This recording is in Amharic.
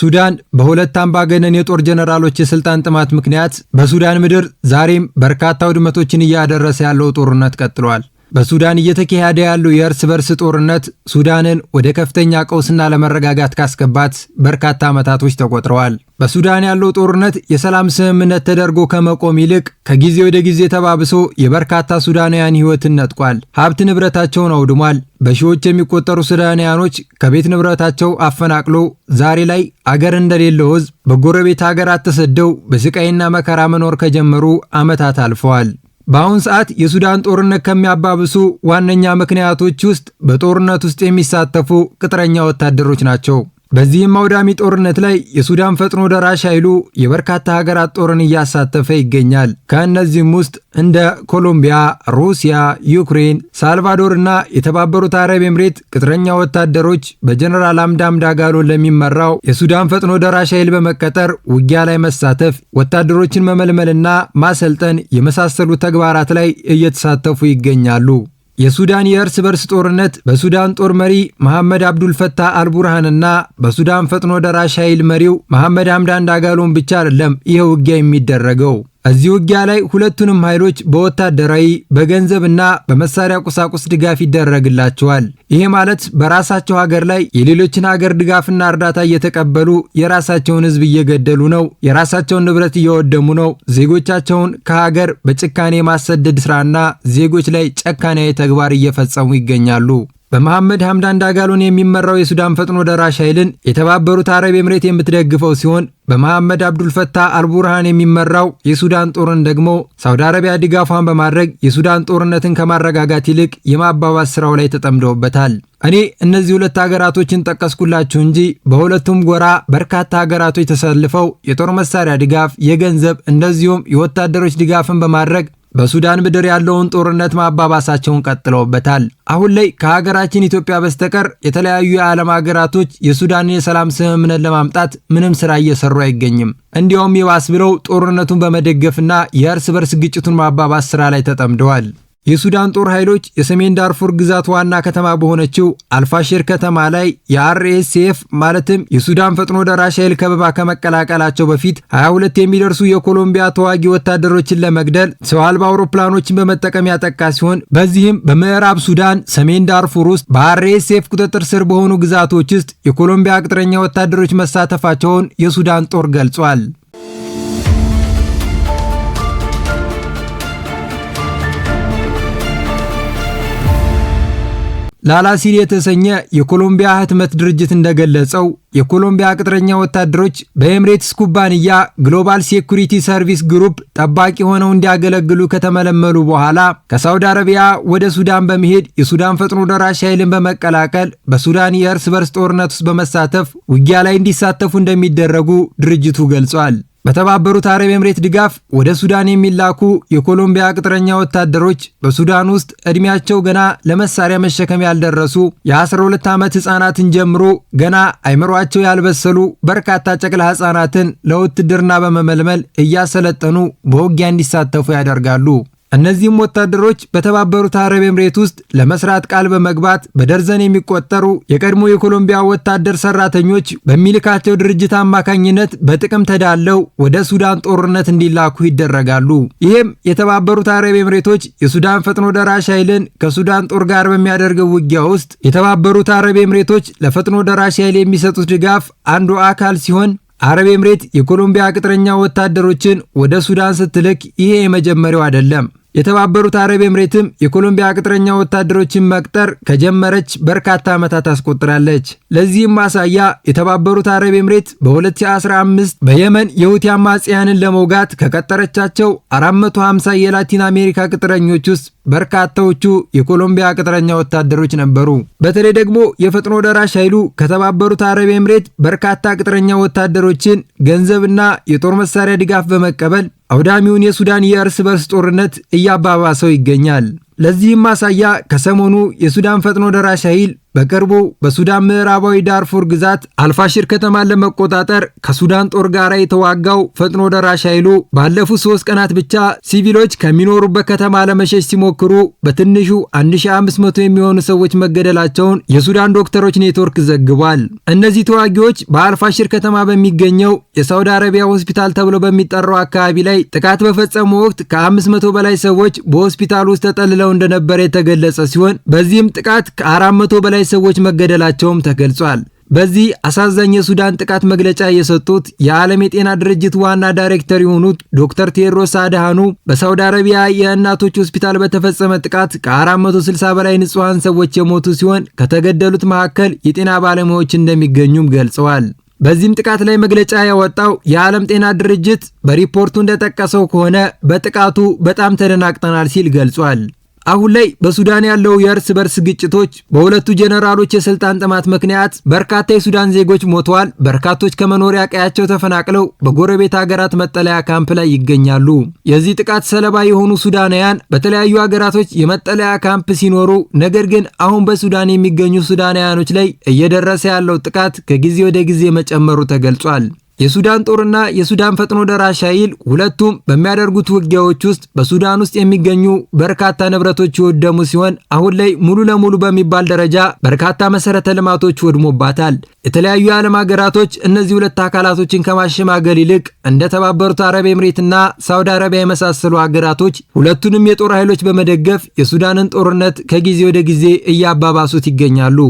ሱዳን በሁለት አምባገነን የጦር ጀነራሎች የስልጣን ጥማት ምክንያት በሱዳን ምድር ዛሬም በርካታ ውድመቶችን እያደረሰ ያለው ጦርነት ቀጥሏል። በሱዳን እየተካሄደ ያለው የእርስ በርስ ጦርነት ሱዳንን ወደ ከፍተኛ ቀውስና ለመረጋጋት ካስገባት በርካታ ዓመታቶች ተቆጥረዋል። በሱዳን ያለው ጦርነት የሰላም ስምምነት ተደርጎ ከመቆም ይልቅ ከጊዜ ወደ ጊዜ ተባብሶ የበርካታ ሱዳናውያን ሕይወትን ነጥቋል። ሀብት ንብረታቸውን አውድሟል። በሺዎች የሚቆጠሩ ሱዳናውያኖች ከቤት ንብረታቸው አፈናቅሎ ዛሬ ላይ አገር እንደሌለው ሕዝብ በጎረቤት አገራት ተሰደው በስቃይና መከራ መኖር ከጀመሩ ዓመታት አልፈዋል። በአሁን ሰዓት የሱዳን ጦርነት ከሚያባብሱ ዋነኛ ምክንያቶች ውስጥ በጦርነት ውስጥ የሚሳተፉ ቅጥረኛ ወታደሮች ናቸው። በዚህም አውዳሚ ጦርነት ላይ የሱዳን ፈጥኖ ደራሽ ኃይሉ የበርካታ ሀገራት ጦርን እያሳተፈ ይገኛል። ከእነዚህም ውስጥ እንደ ኮሎምቢያ፣ ሩሲያ፣ ዩክሬን፣ ሳልቫዶር እና የተባበሩት አረብ ኤምሬት ቅጥረኛ ወታደሮች በጀነራል አምዳም ዳጋሎ ለሚመራው የሱዳን ፈጥኖ ደራሽ ኃይል በመቀጠር ውጊያ ላይ መሳተፍ፣ ወታደሮችን መመልመልና ማሰልጠን የመሳሰሉ ተግባራት ላይ እየተሳተፉ ይገኛሉ። የሱዳን የእርስ በርስ ጦርነት በሱዳን ጦር መሪ መሐመድ አብዱልፈታህ አልቡርሃንና በሱዳን ፈጥኖ ደራሽ ኃይል መሪው መሐመድ ሐምዳን ዳጋሎን ብቻ አይደለም ይህ ውጊያ የሚደረገው። እዚህ ውጊያ ላይ ሁለቱንም ኃይሎች በወታደራዊ በገንዘብና በመሳሪያ ቁሳቁስ ድጋፍ ይደረግላቸዋል። ይሄ ማለት በራሳቸው ሀገር ላይ የሌሎችን ሀገር ድጋፍና እርዳታ እየተቀበሉ የራሳቸውን ሕዝብ እየገደሉ ነው፣ የራሳቸውን ንብረት እየወደሙ ነው። ዜጎቻቸውን ከሀገር በጭካኔ የማሰደድ ስራና ዜጎች ላይ ጨካኔያዊ ተግባር እየፈጸሙ ይገኛሉ። በመሐመድ ሐምዳን ዳጋሎን የሚመራው የሱዳን ፈጥኖ ደራሽ ኃይልን የተባበሩት አረብ ኤምሬት የምትደግፈው ሲሆን በመሐመድ አብዱልፈታህ አልቡርሃን የሚመራው የሱዳን ጦርን ደግሞ ሳውዲ አረቢያ ድጋፏን በማድረግ የሱዳን ጦርነትን ከማረጋጋት ይልቅ የማባባስ ስራው ላይ ተጠምደውበታል። እኔ እነዚህ ሁለት ሀገራቶችን ጠቀስኩላችሁ እንጂ በሁለቱም ጎራ በርካታ ሀገራቶች ተሰልፈው የጦር መሳሪያ ድጋፍ፣ የገንዘብ እንደዚሁም የወታደሮች ድጋፍን በማድረግ በሱዳን ምድር ያለውን ጦርነት ማባባሳቸውን ቀጥለውበታል። አሁን ላይ ከሀገራችን ኢትዮጵያ በስተቀር የተለያዩ የዓለም ሀገራቶች የሱዳንን የሰላም ስምምነት ለማምጣት ምንም ስራ እየሰሩ አይገኝም። እንዲያውም ይባስ ብለው ጦርነቱን በመደገፍና የእርስ በርስ ግጭቱን ማባባስ ስራ ላይ ተጠምደዋል። የሱዳን ጦር ኃይሎች የሰሜን ዳርፉር ግዛት ዋና ከተማ በሆነችው አልፋሽር ከተማ ላይ የአርኤስኤፍ ማለትም የሱዳን ፈጥኖ ደራሽ ኃይል ከበባ ከመቀላቀላቸው በፊት 22 የሚደርሱ የኮሎምቢያ ተዋጊ ወታደሮችን ለመግደል ሰው አልባ አውሮፕላኖችን በመጠቀም ያጠቃ ሲሆን በዚህም በምዕራብ ሱዳን ሰሜን ዳርፉር ውስጥ በአርኤስኤፍ ቁጥጥር ስር በሆኑ ግዛቶች ውስጥ የኮሎምቢያ ቅጥረኛ ወታደሮች መሳተፋቸውን የሱዳን ጦር ገልጿል። ላላሲል የተሰኘ የኮሎምቢያ ህትመት ድርጅት እንደገለጸው የኮሎምቢያ ቅጥረኛ ወታደሮች በኤምሬትስ ኩባንያ ግሎባል ሴኩሪቲ ሰርቪስ ግሩፕ ጠባቂ ሆነው እንዲያገለግሉ ከተመለመሉ በኋላ ከሳውዲ አረቢያ ወደ ሱዳን በመሄድ የሱዳን ፈጥኖ ደራሽ ኃይልን በመቀላቀል በሱዳን የእርስ በርስ ጦርነት ውስጥ በመሳተፍ ውጊያ ላይ እንዲሳተፉ እንደሚደረጉ ድርጅቱ ገልጿል። በተባበሩት አረብ ኤምሬት ድጋፍ ወደ ሱዳን የሚላኩ የኮሎምቢያ ቅጥረኛ ወታደሮች በሱዳን ውስጥ ዕድሜያቸው ገና ለመሳሪያ መሸከም ያልደረሱ የ12 ዓመት ሕፃናትን ጀምሮ ገና አይምሯቸው ያልበሰሉ በርካታ ጨቅላ ሕፃናትን ለውትድርና በመመልመል እያሰለጠኑ በውጊያ እንዲሳተፉ ያደርጋሉ። እነዚህም ወታደሮች በተባበሩት አረብ ኤምሬት ውስጥ ለመስራት ቃል በመግባት በደርዘን የሚቆጠሩ የቀድሞ የኮሎምቢያ ወታደር ሰራተኞች በሚልካቸው ድርጅት አማካኝነት በጥቅም ተዳለው ወደ ሱዳን ጦርነት እንዲላኩ ይደረጋሉ። ይህም የተባበሩት አረብ ኤምሬቶች የሱዳን ፈጥኖ ደራሽ ኃይልን ከሱዳን ጦር ጋር በሚያደርገው ውጊያ ውስጥ የተባበሩት አረብ ኤምሬቶች ለፈጥኖ ደራሽ ኃይል የሚሰጡት ድጋፍ አንዱ አካል ሲሆን አረብ ኤምሬት የኮሎምቢያ ቅጥረኛ ወታደሮችን ወደ ሱዳን ስትልክ ይሄ የመጀመሪያው አይደለም። የተባበሩት አረብ ኤምሬትም የኮሎምቢያ ቅጥረኛ ወታደሮችን መቅጠር ከጀመረች በርካታ ዓመታት አስቆጥራለች። ለዚህም ማሳያ የተባበሩት አረብ ኤምሬት በ2015 በየመን የሁቲ አማጽያንን ለመውጋት ከቀጠረቻቸው 450 የላቲን አሜሪካ ቅጥረኞች ውስጥ በርካታዎቹ የኮሎምቢያ ቅጥረኛ ወታደሮች ነበሩ። በተለይ ደግሞ የፈጥኖ ደራሽ ኃይሉ ከተባበሩት አረብ ኤምሬት በርካታ ቅጥረኛ ወታደሮችን ገንዘብና የጦር መሳሪያ ድጋፍ በመቀበል አውዳሚውን የሱዳን የእርስ በርስ ጦርነት እያባባሰው ይገኛል። ለዚህም ማሳያ ከሰሞኑ የሱዳን ፈጥኖ ደራሽ ኃይል በቅርቡ በሱዳን ምዕራባዊ ዳርፉር ግዛት አልፋሽር ከተማን ለመቆጣጠር ከሱዳን ጦር ጋር የተዋጋው ፈጥኖ ደራሽ ኃይሉ ባለፉት ሶስት ቀናት ብቻ ሲቪሎች ከሚኖሩበት ከተማ ለመሸሽ ሲሞክሩ በትንሹ 1500 የሚሆኑ ሰዎች መገደላቸውን የሱዳን ዶክተሮች ኔትወርክ ዘግቧል። እነዚህ ተዋጊዎች በአልፋሽር ከተማ በሚገኘው የሳውዲ አረቢያ ሆስፒታል ተብሎ በሚጠራው አካባቢ ላይ ጥቃት በፈጸሙ ወቅት ከ500 በላይ ሰዎች በሆስፒታል ውስጥ ተጠልለው እንደነበረ የተገለጸ ሲሆን በዚህም ጥቃት ከ400 በላይ ሰዎች መገደላቸውም ተገልጿል። በዚህ አሳዛኝ የሱዳን ጥቃት መግለጫ የሰጡት የዓለም የጤና ድርጅት ዋና ዳይሬክተር የሆኑት ዶክተር ቴዎድሮስ አድሃኑ በሳውዲ አረቢያ የእናቶች ሆስፒታል በተፈጸመ ጥቃት ከ460 በላይ ንጹሐን ሰዎች የሞቱ ሲሆን ከተገደሉት መካከል የጤና ባለሙያዎች እንደሚገኙም ገልጸዋል። በዚህም ጥቃት ላይ መግለጫ ያወጣው የዓለም ጤና ድርጅት በሪፖርቱ እንደጠቀሰው ከሆነ በጥቃቱ በጣም ተደናቅጠናል ሲል ገልጿል። አሁን ላይ በሱዳን ያለው የእርስ በርስ ግጭቶች በሁለቱ ጀነራሎች የስልጣን ጥማት ምክንያት በርካታ የሱዳን ዜጎች ሞተዋል። በርካቶች ከመኖሪያ ቀያቸው ተፈናቅለው በጎረቤት ሀገራት መጠለያ ካምፕ ላይ ይገኛሉ። የዚህ ጥቃት ሰለባ የሆኑ ሱዳናውያን በተለያዩ ሀገራቶች የመጠለያ ካምፕ ሲኖሩ፣ ነገር ግን አሁን በሱዳን የሚገኙ ሱዳናውያኖች ላይ እየደረሰ ያለው ጥቃት ከጊዜ ወደ ጊዜ መጨመሩ ተገልጿል። የሱዳን ጦርና የሱዳን ፈጥኖ ደራሽ ኃይል ሁለቱም በሚያደርጉት ውጊያዎች ውስጥ በሱዳን ውስጥ የሚገኙ በርካታ ንብረቶች የወደሙ ሲሆን አሁን ላይ ሙሉ ለሙሉ በሚባል ደረጃ በርካታ መሰረተ ልማቶች ወድሞባታል። የተለያዩ የዓለም ሀገራቶች እነዚህ ሁለት አካላቶችን ከማሸማገል ይልቅ እንደ ተባበሩት አረብ ኤምሬትና ሳውዲ አረቢያ የመሳሰሉ ሀገራቶች ሁለቱንም የጦር ኃይሎች በመደገፍ የሱዳንን ጦርነት ከጊዜ ወደ ጊዜ እያባባሱት ይገኛሉ።